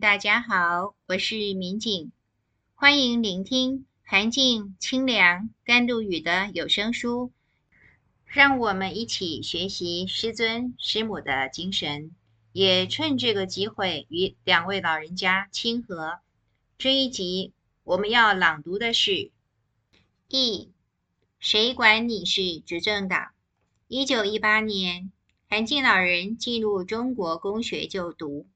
大家好，我是民警，歡迎聆聽涵靜、清涼、甘露雨的有聲書。讓我們一起學習師尊、師母的精神，也趁這個機會與兩位老人家親和。這一集我們要朗讀的是：義，誰管你是執政黨？一九一八年，涵靜老人進入中國公學就讀。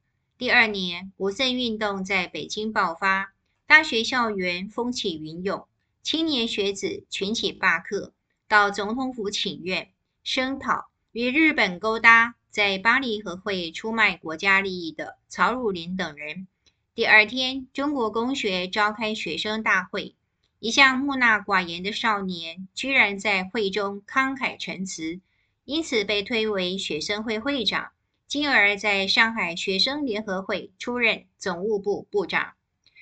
第二年，五四運動在北京爆發，大學校園風起雲湧，青年學子群起罷課，到總統府請願、聲討與日本勾搭，在巴黎和會出賣國家利益的曹汝霖等人。第二天，中國公學召開學生大會，一向木訥寡言的少年居然在會中慷慨陳詞，因此被推為學生會會長。進而在上海學生聯合會出任總務部部長。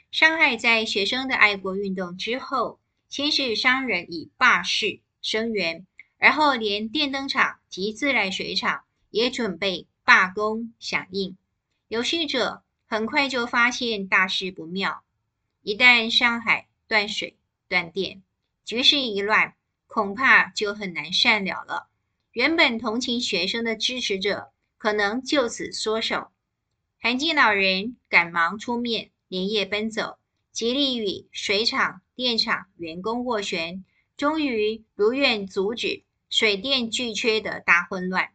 上海在學生的愛國運動之後，先是商人以罷市聲援，而後連電燈廠及自來水廠也準備罷工響應。有識者很快就發現大事不妙，一旦上海斷水斷電，局勢一亂，恐怕就很難善了了。原本同情學生的支持者，可能就此縮手，涵靜老人趕忙出面，連夜奔走，極力與水廠、電廠員工斡旋，終於如願阻止水電俱缺的大混亂。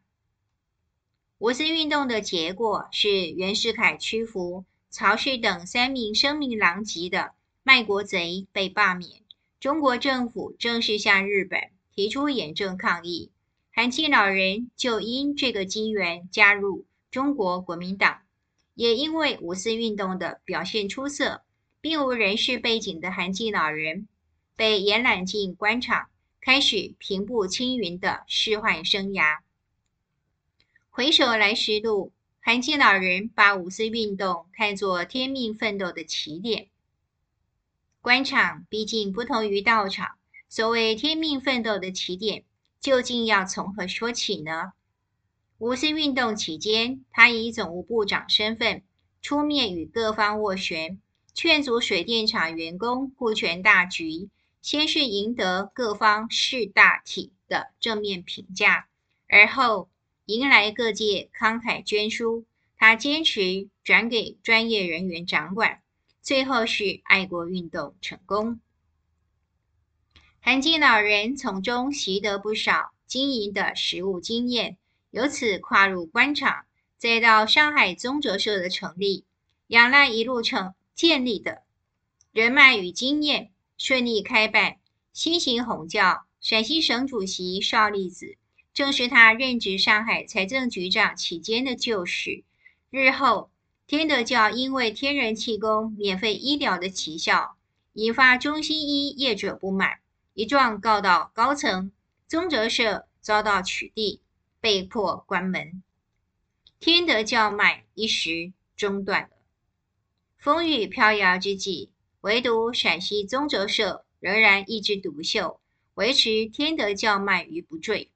五四運動的結果是袁世凱屈服，曹氏等三名聲名狼藉的賣國賊被罷免，中國政府正式向日本提出嚴正抗議。涵靜老人就因這個機緣加入中國國民黨，也因為五四運動的表現出色，並無人事背景的涵靜老人被延攬進官場，開始平步青雲的仕宦生涯。回首來時路，涵靜老人把五四運動看作天命奮鬥的起點。官場畢竟不同於道場，所謂天命奮鬥的起點。究竟要從何說起呢？五四運動期間，他以總務部長身份出面與各方斡旋，勸阻水電廠員工顧全大局，先是贏得各方識大體的正面評價，而後迎來各界慷慨捐輸。他堅持轉給專業人員掌管，最後是愛國運動成功。韓進老人從中習得不少經營的實務經驗，由此跨入官場。再到上海宗哲社的成立，仰賴一路成建立的人脈與經驗，順利開辦新型弘教。陝西省主席邵力子正是他任職上海財政局長期間的舊識。日後天德教因為天然氣功、免費醫療的奇效，引發中西醫業者不滿。一狀告到高層，宗哲社遭到取締，被迫關門，天德教脈一時中斷了。風雨飄搖之際，唯獨陝西宗哲社仍然一枝獨秀，維持天德教脈於不墜。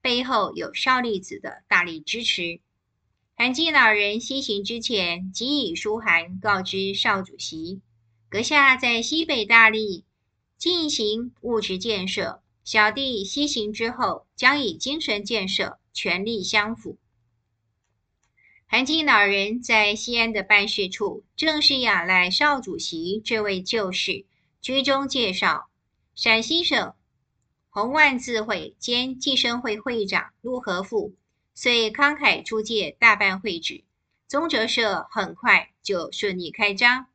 背後有邵力子的大力支持。涵靜老人西行之前，即以書函告知邵主席閣下，在西北大力。進行物質建設，小弟西行之後，將以精神建設全力相輔。涵靜老人在西安的辦事處，正是仰賴邵主席這位舊識居中介紹。陝西省紅卍字會兼濟生會會長陸和富，遂慷慨出借大半會址，宗哲社很快就順利開張。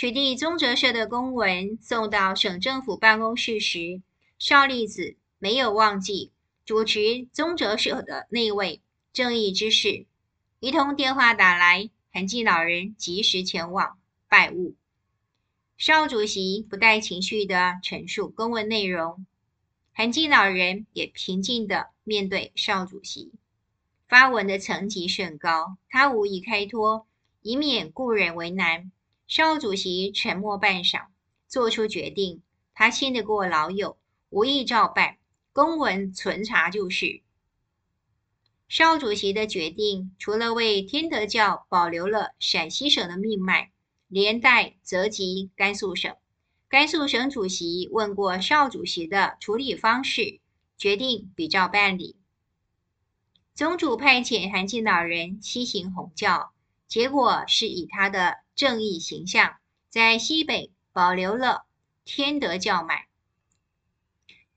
取締宗哲社的公文送到省政府辦公室時，邵力子沒有忘記主持宗哲社的那位正義之士。一通電話打來，涵靜老人及時前往拜晤。邵主席不帶情緒的陳述公文內容，涵靜老人也平靜的面對邵主席。發文的層級甚高，他無意開脫，以免故人為難。少主席沉默半晌，做出決定。他信得過老友，無意照辦。公文存查就是。邵主席的決定，除了為天德教保留了陝西省的命脈，連帶澤及甘肅省。甘肅省主席問過邵主席的處理方式，決定比照辦理。宗主派遣涵靜老人西行弘教。結果是以他的正義形象在西北保留了天德教脈。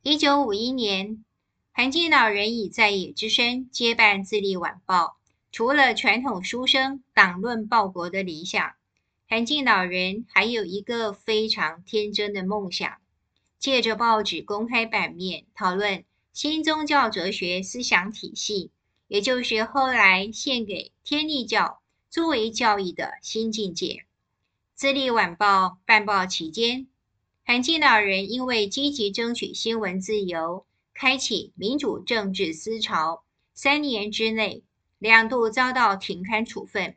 一九五一年，涵靜老人以在野之身接辦《自立晚報》，除了傳統書生、黨論報國的理想，涵靜老人還有一個非常天真的夢想：借着報紙公開版面討論新宗教哲學思想體系，也就是後來獻給天帝教。作為教育的新境界，《自立晚報》辦報期間，涵靜老人因為積極爭取新聞自由，開啟民主政治思潮，三年之內兩度遭到停刊處分。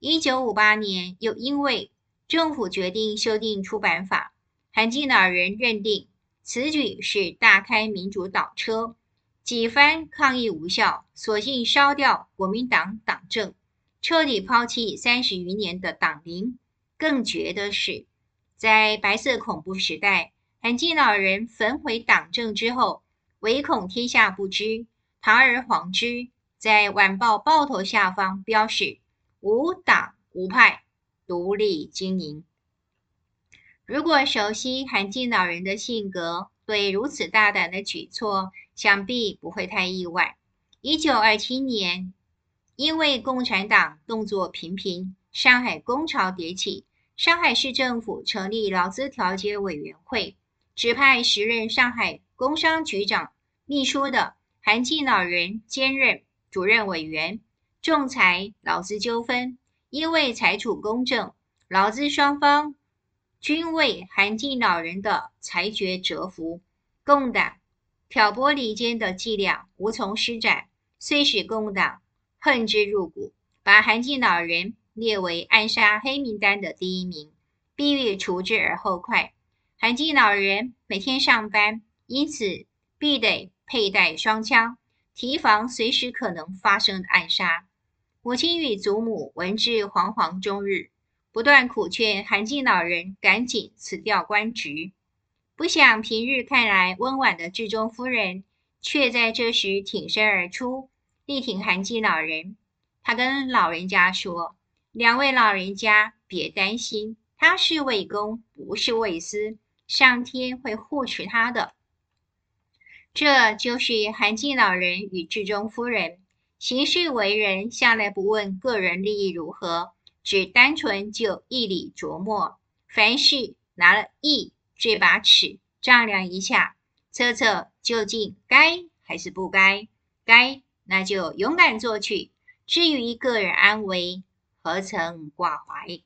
一九五八年，又因為政府決定修訂出版法，涵靜老人認定此舉是大開民主倒車，幾番抗議無效，索性燒掉國民黨黨證。徹底拋棄三十餘年的黨齡，更絕的是，在白色恐怖時代，涵靜老人焚毀黨證之後，唯恐天下不知，堂而皇之在晚報報頭下方標示“無黨無派，獨立經營”。如果熟悉涵靜老人的性格，對如此大膽的舉措，想必不會太意外。一九二七年。因為共產黨動作頻頻，上海工潮迭起，上海市政府成立勞資調解委員會，指派時任上海工商局長秘書的涵靜老人兼任主任委員，仲裁勞資糾紛。因為裁處公正，勞資雙方均為涵靜老人的裁決折服，共黨挑撥離間的伎倆無從施展。雖是共黨。恨之入骨，把涵靜老人列為暗殺黑名單的第一名，必欲除之而後快。涵靜老人每天上班，因此必得佩戴雙槍，提防隨時可能發生的暗殺。母親與祖母聞之惶惶終日，不斷苦勸涵靜老人趕緊辭掉官職。不想平日看來溫婉的智忠夫人，卻在這時挺身而出。力挺涵靜老人，他跟老人家說：“兩位老人家別擔心，他是為公，不是為私，上天會護持他的。”這就是涵靜老人與智忠夫人行事為人，向來不問個人利益如何，只單純就義理琢磨，凡事拿了義這把尺丈量一下，測測究竟該還是不該，該。那就勇敢做去，至於個人安危，何曾掛懷？